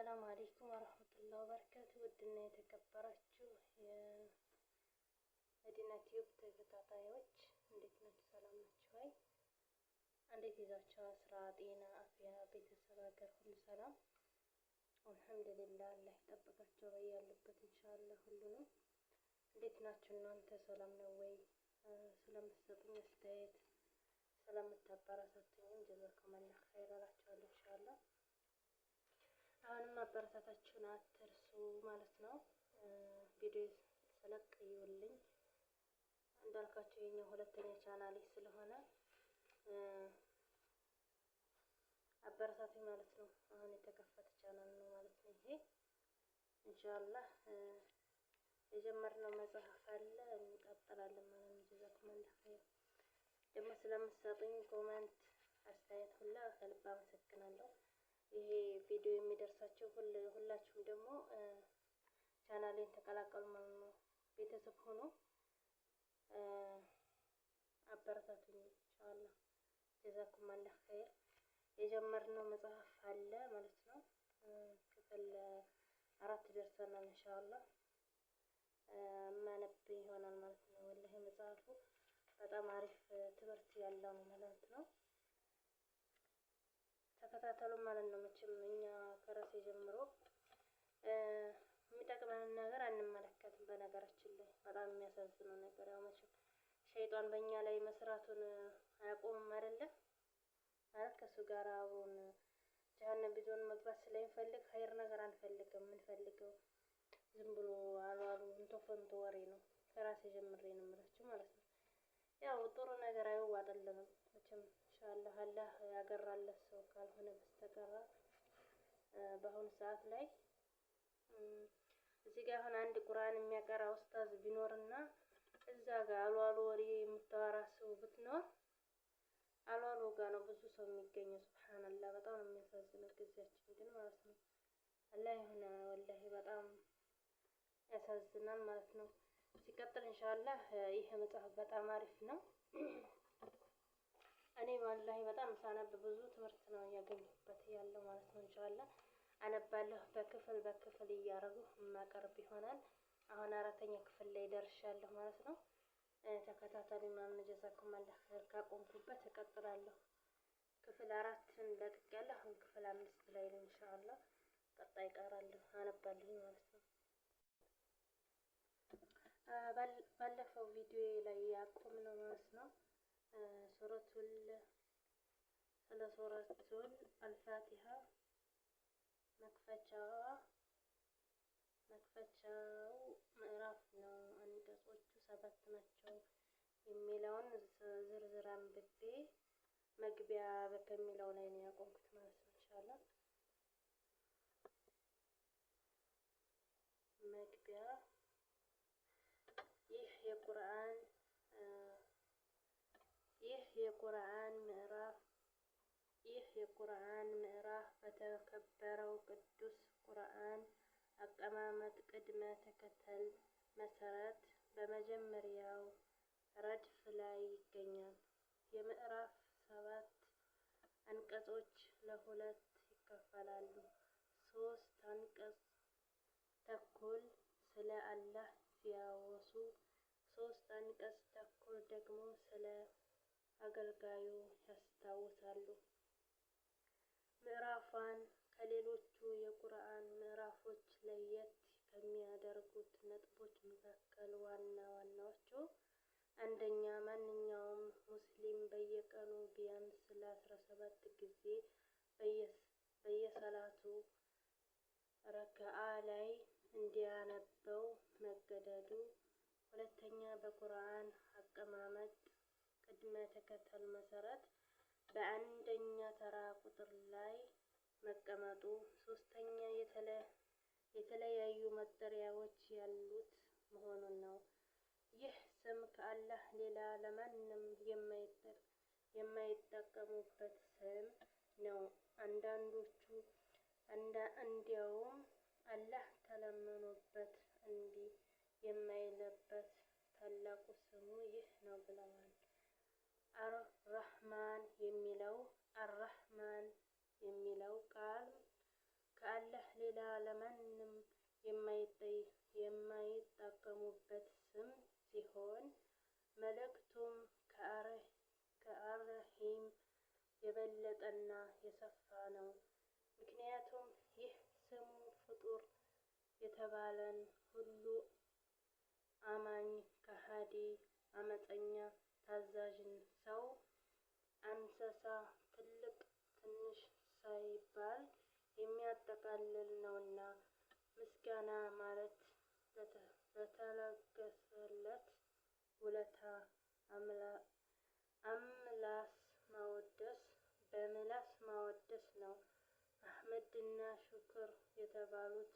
ሰላም አሌይኩም ወራህመቱላሂ ወበረካቱ። ውድና የተከበራችሁ የመዲና ቲዩብ ተከታታዮች እንዴት ናችሁ? ሰላም ናችሁ ወይ? እንዴት ይዛችኋል? ስራ፣ ጤና፣ አፍያ፣ ቤተሰብ፣ ሀገር ሁሉ ሰላም አልሐምዱሊላህ። አላህ ይጠብቃችሁ ወይ ያሉበት ኢንሻአላህ ሁሉንም። እንዴት ናችሁ እናንተ? ሰላም ነው ወይ? ስለምትሰጡኝ አስተያየት ስለምታበረታቱኝም ጀዛኩሙላህ ኸይር አሁንም አበረታታችሁን አትርሱ ማለት ነው። ቪዲዮ ስለቅ ይውልኝ እንዳልኳቸው የኛ ሁለተኛ ቻናሌ ስለሆነ አበረታቱኝ ማለት ነው። አሁን የተከፈተ ቻናል ነው ማለት ነው። ይሄ ኢንሻአላህ የጀመርነው መጽሐፍ አለ እንቀጥላለን ማለት ነው። ጀዛኩሙላህ ደግሞ ስለምትሰጡኝ ኮመንት ይሄ ቪዲዮ የሚደርሳቸው ሁላችሁም ደግሞ ቻናሌን ተቀላቀሉ ማለት ነው። ቤተሰብ ሆኖ አበረታቱኝ ኢንሻአላህ። ጀዛኩም አላህ ኸይር። የጀመርነው መጽሐፍ አለ ማለት ነው። ክፍል አራት ደርሰናል ኢንሻአላህ። ማነብ ይሆናል ማለት ነው። ወላሂ መጽሐፉ በጣም አሪፍ ትምህርት ያለው ነው ማለት ነው። ተከታተሉ ማለት ነው። መቼም እኛ ከራሴ ጀምሮ የሚጠቅመንን ነገር አንመለከትም። በነገራችን ላይ በጣም የሚያሳዝነው ነገር ያው መቼም ሸይጧን በእኛ ላይ መስራቱን አያቆምም አይደለም ማለት ከእሱ ጋር አብሮን ጀሀነም ቢዞን መግባት ስለሚፈልግ ኸይር ነገር አንፈልግም። የምንፈልገው ዝም ብሎ አሉ አሉ እንቶፈንቶ ወሬ ነው። ከራሴ ጀምሬ ነው የምላችሁ ማለት ነው። ያው ጥሩ ነገር አይዋጥልንም መቼም ኢንሻአላህ አላህ ያገራለት ሰው ካልሆነ በስተቀር በአሁኑ ሰዓት ላይ እዚህ ጋር አሁን አንድ ቁርአን የሚያቀራ ኡስታዝ ቢኖርና እዛ ጋር አሏሉ አሉ ወሬ የምታወራ ሰው ብትኖር አሏሉ ጋር ነው ብዙ ሰው የሚገኘው። ሱብሃንአላህ በጣም ነው የሚያሳዝነው ጊዜያችን ግን ማለት ነው። አላህ የሆነ ወላሂ በጣም ያሳዝናል ማለት ነው። ሲቀጥል እንሻላህ ይሄ መጽሐፍ በጣም አሪፍ ነው። እኔ ዋላሂ በጣም ሳነብ ብዙ ትምህርት ነው እያገኘሁበት ያለው ማለት ነው። እንሻላ አነባለሁ በክፍል በክፍል እያደረጉ የማቀርብ ይሆናል። አሁን አራተኛ ክፍል ላይ ደርሻለሁ ማለት ነው። ተከታታሊ ምናምን ጀዛኩም አላህ ኸይር። ካቆምኩበት እቀጥላለሁ። ክፍል አራትን ለቅቅ አሁን ክፍል አምስት ላይ ነው እንሻላ ቀጣይ እቀራለሁ አነባለሁ ማለት ነው። ባለፈው ቪዲዮ ላይ ያቆምነው سورة ال سورة الفاتحة مكفتشا مكفتشا مراف نو عند قوتشو سبت ناتشو يميلون زرزران ببي مكبيا بكميلون اي የቁርአን ምዕራፍ ይህ የቁርአን ምዕራፍ በተከበረው ቅዱስ ቁርአን አቀማመጥ ቅድመ ተከተል መሰረት በመጀመሪያው ረድፍ ላይ ይገኛል። የምዕራፍ ሰባት አንቀጾች ለሁለት ይከፈላሉ። ሶስት አንቀጽ ተኩል ስለ አላህ ሲያወሱ ሶስት አንቀጽ ተኩል ደግሞ ስለ አገልጋዩ ያስታውሳሉ። ምዕራፏን ከሌሎቹ የቁርአን ምዕራፎች ለየት ከሚያደርጉት ነጥቦች መካከል ዋና ዋናዎቹ አንደኛ፣ ማንኛውም ሙስሊም በየቀኑ ቢያንስ ለአስራ ሰባት ጊዜ በየሰላቱ ረካዓ ላይ እንዲያነበው መገደዱ። ሁለተኛ፣ በቁርአን አቀማመጥ ቅድመ ተከተል መሰረት በአንደኛ ተራ ቁጥር ላይ መቀመጡ፣ ሶስተኛ የተለያዩ መጠሪያዎች ያሉት መሆኑን ነው። ይህ ስም ከአላህ ሌላ ለማንም የማይጠቀሙበት ስም ነው። አንዳንዶቹ እንዲያውም አላህ ተለምኖበት እንዲ የማይለበት ታላቁ ስሙ ይህ ነው ብለዋል። አርራህማን የሚለው አርራህማን የሚለው ቃል ከአላህ ሌላ ለማንም የማይጠቀሙበት ስም ሲሆን መልእክቱም ከአርራሂም የበለጠና የሰፋ ነው። ምክንያቱም ይህ ስሙ ፍጡር የተባለን ሁሉ አማኝ፣ ከሃዲ፣ አመፀኛ፣ ታዛዥ ሰው እንስሳ ትልቅ ትንሽ ሳይባል የሚያጠቃልል ነውና ምስጋና ማለት ለተለገሰለት ውለታ አምላስ ማወደስ በምላስ ማወደስ ነው። አህመድና ሹክር የተባሉት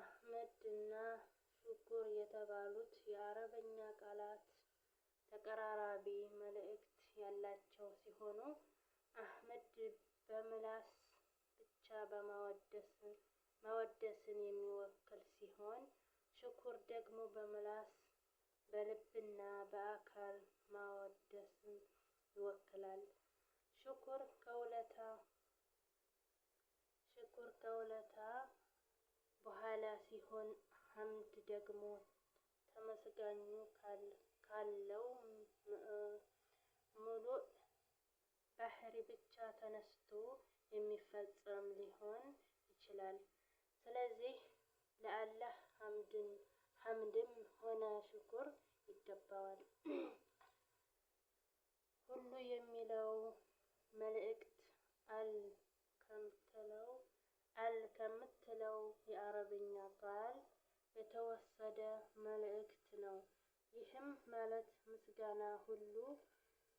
አህመድና ሽኩር የተባሉት የአረበኛ ቃላት ተቀራራቢ መልእክት ያላቸው ሲሆኑ አህመድ በምላስ ብቻ ማወደስን የሚወክል ሲሆን ሽኩር ደግሞ በምላስ በልብና በአካል ማወደስን ይወክላል። ሽኩር ከውለታ ሽኩር ከውለታ በኋላ ሲሆን አምድ ደግሞ ተመስጋኙ ካለው ሙሉእ ባህሪ ብቻ ተነስቶ የሚፈጸም ሊሆን ይችላል። ስለዚህ ለአላህ ሐምድም ሆነ ሽኩር ይገባዋል። ሁሉ የሚለው መልእክት አል ከምትለው የአረብኛ ቃል የተወሰደ መልእክት ነው። ይህም ማለት ምስጋና ሁሉ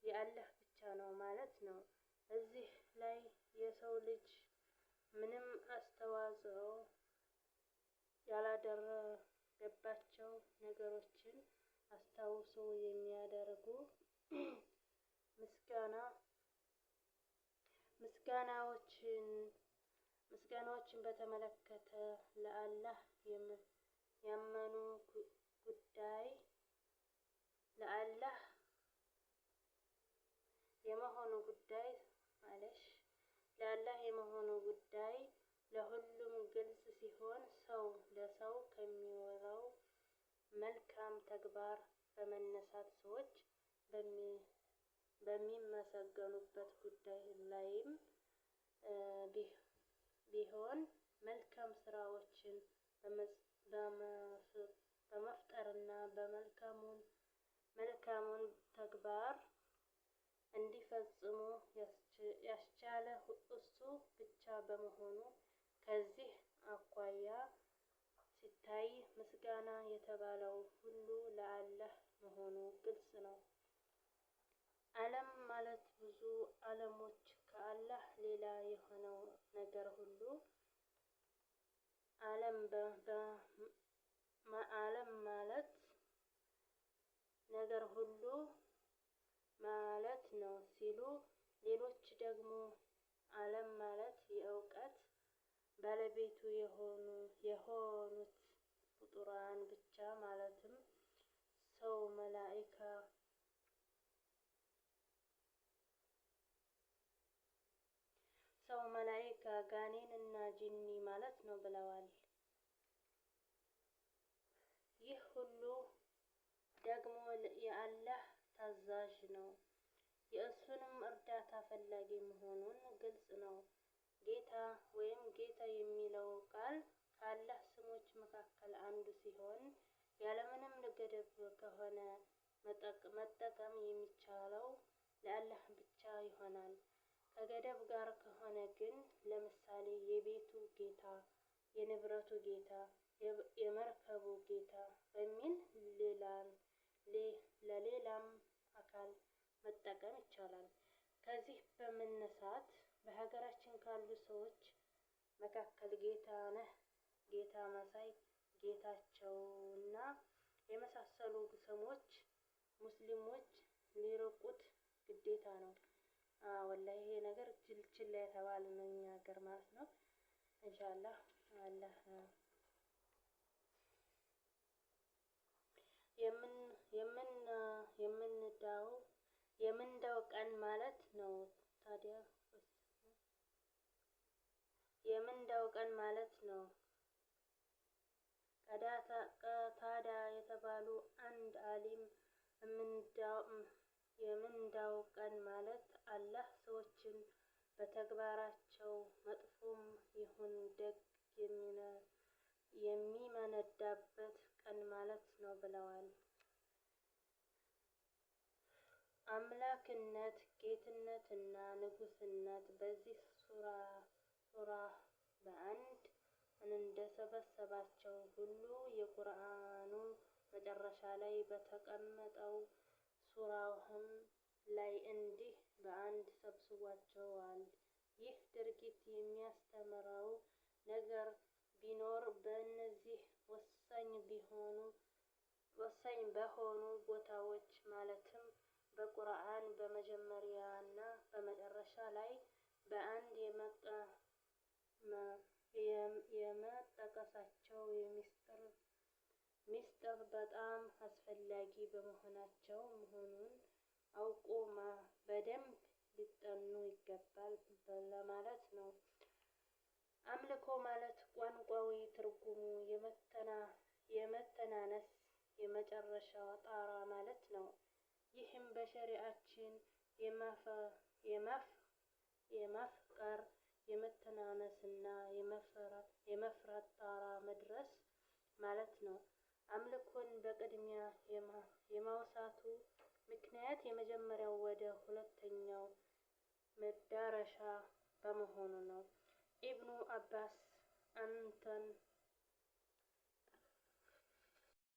የአላህ ብቻ ነው ማለት ነው። እዚህ ላይ የሰው ልጅ ምንም አስተዋጽኦ ያላደረገባቸው ነገሮችን አስታውሶ የሚያደርጉ ምስጋና ምስጋናዎችን ምስጋናዎችን በተመለከተ ለአላህ የምር የአላህ የመሆኑ ጉዳይ ለሁሉም ግልጽ ሲሆን ሰው ለሰው ከሚወራው መልካም ተግባር በመነሳት ሰዎች በሚመሰገኑበት ጉዳይ ላይም ቢሆን መልካም ስራዎችን በመፍጠርና መልካሙን ተግባር እንዲፈጽሙ ያስቻለ ብቻ በመሆኑ ከዚህ አኳያ ሲታይ ምስጋና የተባለው ሁሉ ለአላህ መሆኑ ግልጽ ነው። ዓለም ማለት ብዙ ዓለሞች ከአላህ ሌላ የሆነው ነገር ሁሉ ዓለም ማለት ነገር ሁሉ ማለት ነው ሲሉ ሌሎች ደግሞ ዓለም ማለት የእውቀት ባለቤቱ የሆኑት ፍጡራን ብቻ ማለትም ሰው፣ መላእካ ጋኔን እና ጂኒ ማለት ነው ብለዋል። ይህ ሁሉ ደግሞ የአላህ ታዛዥ ነው። የእሱንም እርዳታ ፈላጊ መሆኑን ግልጽ ነው። ጌታ ወይም ጌታ የሚለው ቃል ከአላህ ስሞች መካከል አንዱ ሲሆን ያለምንም ገደብ ከሆነ መጠቀም የሚቻለው ለአላህ ብቻ ይሆናል። ከገደብ ጋር ከሆነ ግን ለምሳሌ የቤቱ ጌታ፣ የንብረቱ ጌታ፣ የመርከቡ ጌታ በሚል ለሌላም አካል መጠቀም ይቻላል። ከዚህ በመነሳት በሀገራችን ካሉ ሰዎች መካከል ጌታ ነህ፣ ጌታ መሳይ፣ ጌታቸውና የመሳሰሉ ስሞች ሙስሊሞች ሊርቁት ግዴታ ነው። ወላ ይሄ ነገር ችልችል የተባለ ነው እኛ ሀገር ማለት ነው። ኢንሻአላህ አላህ የምን የምንዳው ቀን ማለት ነው። ታዲያ የምንደው ቀን ማለት ነው። ቀታዳ የተባሉ አንድ አሊም የምንዳው ቀን ማለት አላህ ሰዎችን በተግባራቸው መጥፎም ይሁን ደግ የሚመነዳበት ቀን ማለት ነው ብለዋል። አምላክነት ጌትነትና ንጉስነት በዚህ ሱራ በአንድ እንደሰበሰባቸው ሁሉ የቁርአኑ መጨረሻ ላይ በተቀመጠው ሱራህም ላይ እንዲህ በአንድ ሰብስቧቸዋል። ይህ ድርጊት የሚያስተምረው ነገር ቢኖር በእነዚህ ወሳኝ በሆኑ ቦታዎች ማለትም በቁርአን በመጀመሪያና በመጨረሻ ላይ በአንድ የመጠቀሳቸው ምስጢር በጣም አስፈላጊ በመሆናቸው መሆኑን አውቆ በደንብ ሊጠኑ ይገባል ለማለት ነው። አምልኮ ማለት ቋንቋዊ ትርጉሙ የመተናነስ የመጨረሻ ጣራ ማለት ነው። ይህም በሸሪአችን የማፍቀር የመተናነስና የመፍራት ጣራ መድረስ ማለት ነው። አምልኮን በቅድሚያ የማውሳቱ ምክንያት የመጀመሪያው ወደ ሁለተኛው መዳረሻ በመሆኑ ነው። ኢብኑ አባስ አንተን